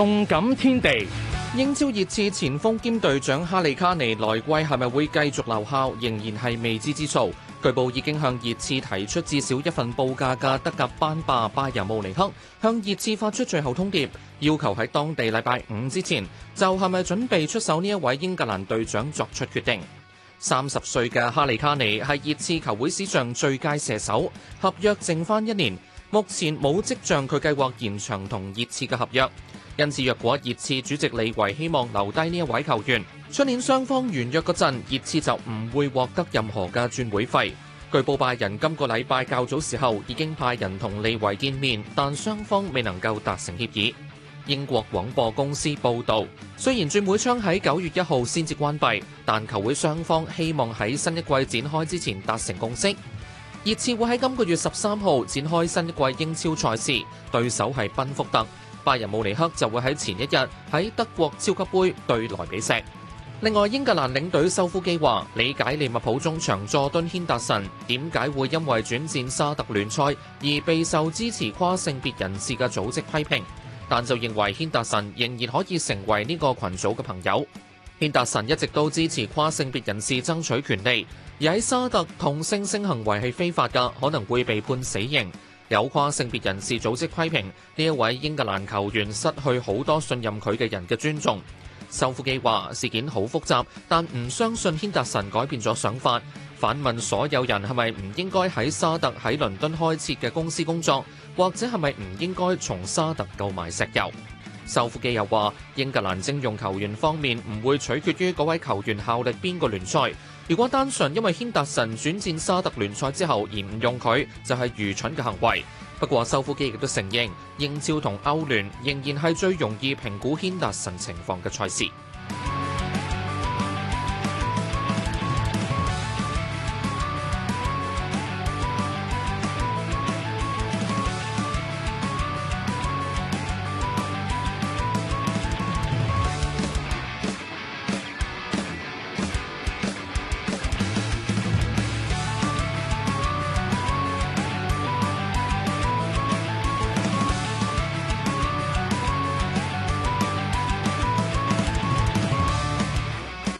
動感天地，英超熱刺前鋒兼隊長哈利卡尼，來季係咪會繼續留效，仍然係未知之數。據報已經向熱刺提出至少一份報價嘅德甲班霸拜仁慕尼黑，向熱刺發出最後通牒，要求喺當地禮拜五之前就係、是、咪準備出手呢一位英格蘭隊長作出決定。三十歲嘅哈利卡尼係熱刺球會史上最佳射手，合約剩翻一年，目前冇跡象佢計劃延長同熱刺嘅合約。因此，若果熱刺主席李維希望留低呢一位球員，出年雙方完約嗰陣，熱刺就唔會獲得任何嘅轉會費。據報拜仁今個禮拜較早時候已經派人同李維見面，但雙方未能夠達成協議。英國廣播公司報導，雖然轉會窗喺九月一號先至關閉，但球會雙方希望喺新一季展開之前達成共識。熱刺會喺今個月十三號展開新一季英超賽事，對手係賓福特。拜仁慕尼黑就會喺前一日喺德國超級杯對萊比錫。另外，英格蘭領隊修夫基話：理解利物浦中場佐敦軒達臣點解會因為轉戰沙特聯賽而備受支持跨性別人士嘅組織批評，但就認為軒達臣仍然可以成為呢個群組嘅朋友。軒達臣一直都支持跨性別人士爭取權利，而喺沙特同性性行為係非法嘅，可能會被判死刑。有跨性別人士組織批評呢一位英格蘭球員失去好多信任佢嘅人嘅尊重。修夫基話事件好複雜，但唔相信軒達臣改變咗想法。反問所有人係咪唔應該喺沙特喺倫敦開設嘅公司工作，或者係咪唔應該從沙特購買石油？修夫基又話：英格蘭徵用球員方面唔會取決於嗰位球員效力邊個聯賽。如果單純因為軒達臣轉戰沙特聯賽之後而唔用佢，就係、是、愚蠢嘅行為。不過修夫基亦都承認，英超同歐聯仍然係最容易評估軒達臣情況嘅賽事。